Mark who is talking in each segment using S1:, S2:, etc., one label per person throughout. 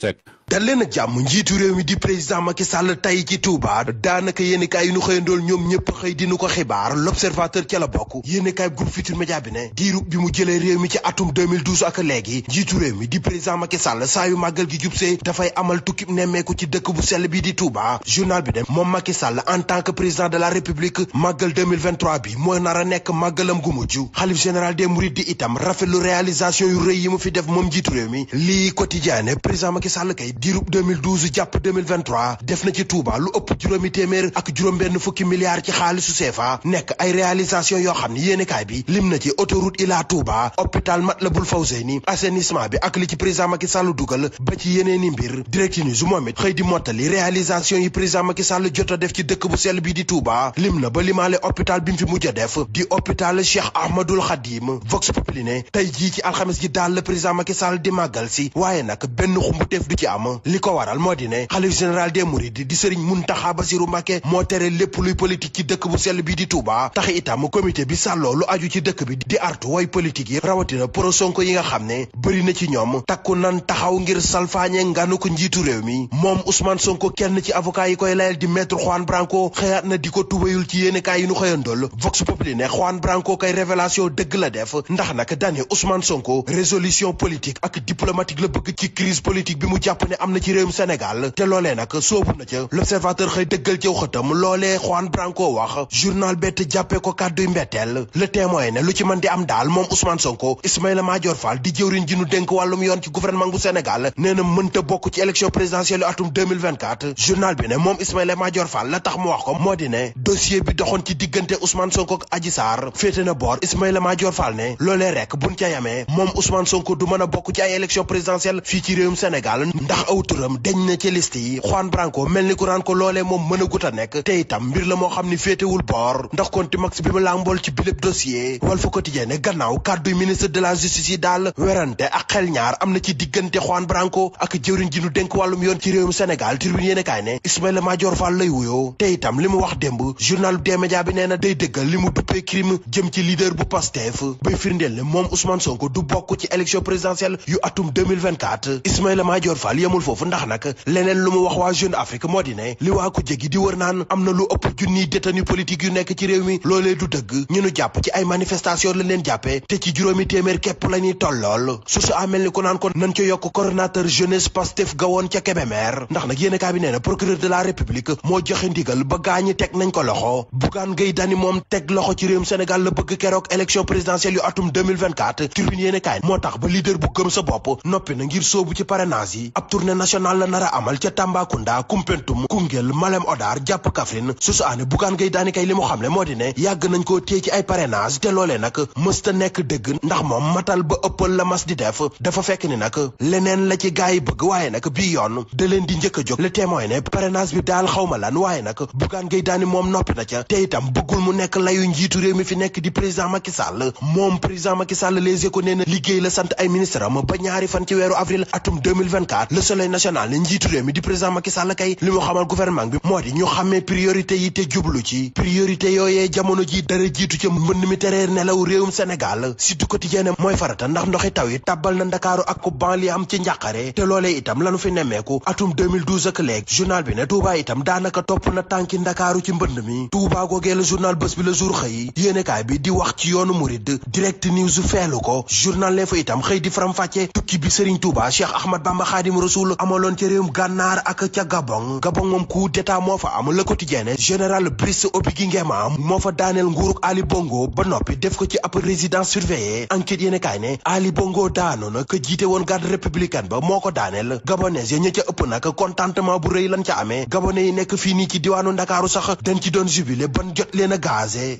S1: sick dalena jàmm njiitu réew mi di président Macky Sall tey ci Touba daanaka yéenekaay yi nu xëyandool ñoom ñëpp xëy dinu ko xibaar l'observateur ca la bokk yéenekaay groupe Futurs Médias bi ne diirub bi mu jëlee réew mi ci atum 2012 ak léegi njiitu réew mi di président Macky Sall saa yu màggal gi jubsee dafay amal tukkib nemmeeku ci dëkk bu sell bi di Touba journal bi ne moom Macky Sall en tant que président de la République màggal 2023 bi mooy nar a nekk màggalam gu mujj xalif général des mourides di itam rafetlu réalisation yu rëy yi mu fi def moom njiitu réew mi lii quotidien président Macky Sall kay diirub 2012 jàpp 2023 def na ci Touba lu ëpp juróomi téeméer ak juróom-benn fukki milliards ci xaalisu CFA nekk ay réalisation yoo xam ne yéenekaay bi lim na ci autoroute la Touba hôpital Matlaboul Fawzeyni assainissement bi ak li ci président Macky Sall dugal ba ci yeneeni mbir direct ni su moom it xëy di mottali réalisation yi président Macky Sall jot a def ci dëkk bu sell bi di Touba lim na ba limaale hôpital bi mu fi mujj a def di hôpital Cheikh Ahmadoul Khadim Vox ci alxames ji daal la président Macky Sall di màggal si waaye nag benn xumbuteef du ci am jàmm li ko waral moo di ne xalif général des mourides di sëriñ Muntaxa Basiru Mbàkke moo tere lépp luy politique ci dëkk bu sell bi di Touba tax itam comité bi sàlloo lu aju ci dëkk bi di artu way politique yi rawatina pro Sonko yi nga xam ne bëri na ci ñoom takku nan taxaw ngir salfaañe nganu ko njiitu réew mi moom Ousmane Sonko kenn ci avocat yi koy layal di maître Juan Branco xëyaat na di ko tubayul ci yéenekaay yi nu xëyandool Vox Populi ne Juan Branco la def ndax nag dane Ousmane Sonko résolution politique am na ci réewum Sénégal te loole nag soobu na ca l'observateur xëy dëggal ci xëtam loolee Juan Branco wax journal bett jàppee ko kàdduy mbetteel le témoin ne lu ci mën di am daal moom Ousmane Sonko Ismaïla Madior Fall di jëwriñ ji nu dénk wàllum yoon ci gouvernement bu Sénégal nee na mënta bokk ci élection présidentielle atum 2024 journal bi ne moom Ismaïla Madior Fall la tax mu wax ko moo di ne dossier bi doxoon ci diggante Ousmane Sonko ak Adji Sarr féete na boor Ismaïla Madior Fall ne loolee rek buñ ca yamee moom Ousmane Sonko du mën a bokk ci ay élection présidentielle fii ci réewum Sénégal ndax ndax aw turam deñ na ci list yi Juan Branco mel ni ku naan ko loolee moom mën a nekk te itam mbir la moo xam ni féetewul boor ndax contumax bi mu làmbool ci biléb dossier Walf Quotidien ne gannaaw kàddu ministre de la justice yi daal werante ak xel ñaar am na ci diggante Juan Branco ak jëwriñ ji nu denk wàllum yoon ci réewum Sénégal tribune yéene kaay ne Ismaïla Madior Fall lay wuyoo te itam li mu wax démb journal des médias bi nee na day dëggal li mu duppee crime jëm ci leader bu Pastef bay firndeel moom Ousmane Sonko du bokk ci élection présidentielle yu atum 2024 yemul foofu ndax nag leneen lu mu wax waa Jeune Afrique moo di ne li waa ku jégi di wër naan am na lu ëpp junniy détenu politique yu nekk ci réew mi loolee du dëgg ñu nu jàpp ci ay manifestation la leen jàppee te ci juróomi téeméer képp la ñuy tollool surtout amel ni ko naan ko nañ ca yokk coordonnateur jeunesse Pastef gawoon ca Kébémer ndax nag yéen kaa bi nee procureur de la république moo joxe ndigal ba gaañi teg nañ ko loxo Bougane Gueye Dany moom na nationale la nar a amal ca Tambacounda Koumpentoum Koungheul Malem Hodar jàpp Kaffrine susu aane Bougane Gueye Dany kay li mu xam moo di ne yàgg nañ koo téye ci ay parrainage te loolee nag mësta nekk dëgg ndax moom matal ba ëppal la mas di def dafa fekk ni nag leneen la ci gars yi bëgg waaye nag bii yoon da leen di njëkk a jóg le témoin ne parrainage bi daal xawma lan waaye nag Bougane Gueye Dany moom noppi na ca te itam bëggul mu nekk layu njiitu réew mi fi nekk di président Macky Sall moom président Macky Sall les éco nee soleil national ne njiitu réew mi di président Macky Sall kay li mu xamal gouvernement bi moo di ñu xamee priorité yi te jublu ci priorité yooyee jamono ji dara jiitu ca mbënn mi tereer nelaw réewum Sénégal surtout quotidien mooy farata ndax ndoxi taw yi tàbbal na ndakaaru ak ku banlieue am ci njàqare te loolee itam lanu fi nemmeeku atum 2012 ak léegi journal bi ne Touba itam daanaka topp na tànki ndakaaru ci mbënd mi Touba googee la journal bés bi la jour xëy bi di wax ci yoonu murid direct news feelu ko journal L'Info itam xëy di faram-fàcce tukki bi Serigne Touba Cheikh Ahmad Mansour amaloon ca réewum gànnaar ak ca Gabon Gabon moom coup d'état moo fa am le quotidien général Brice Oligui Nguema moo fa daaneel nguuruk Ali ba noppi def ko ci ab résidence surveillée enquête yéen kaay ne Ali Bongo daanu jiite woon garde républicaine ba moo ko daaneel gabonais ya ña ca ëpp nag contentement bu rëy lan ca amee gabonais yi nekk fii nii ci diwaanu Ndakaaru sax dañ ci doon jubilé ban jot leen a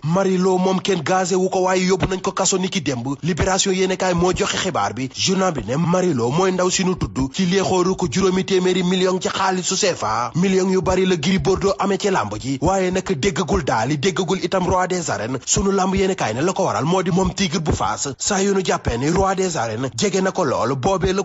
S1: Marilo moom kenn gazé wu ko waaye yóbbu nañ ko kaso ni ki démb moo joxe xibaar bi bi mooy ndaw si nu tudd tollu ko juróomi téeméeri million ci xaalisu CFA million yu bari la Gris Bordeaux amee ci làmb ji waaye nag déggagul daali déggagul itam roi des arènes sunu làmb yéen kaay ne la ko waral moo di moom tigre bu faas saa yu nu jàppee ni roi des arènes jege na ko lool boobee la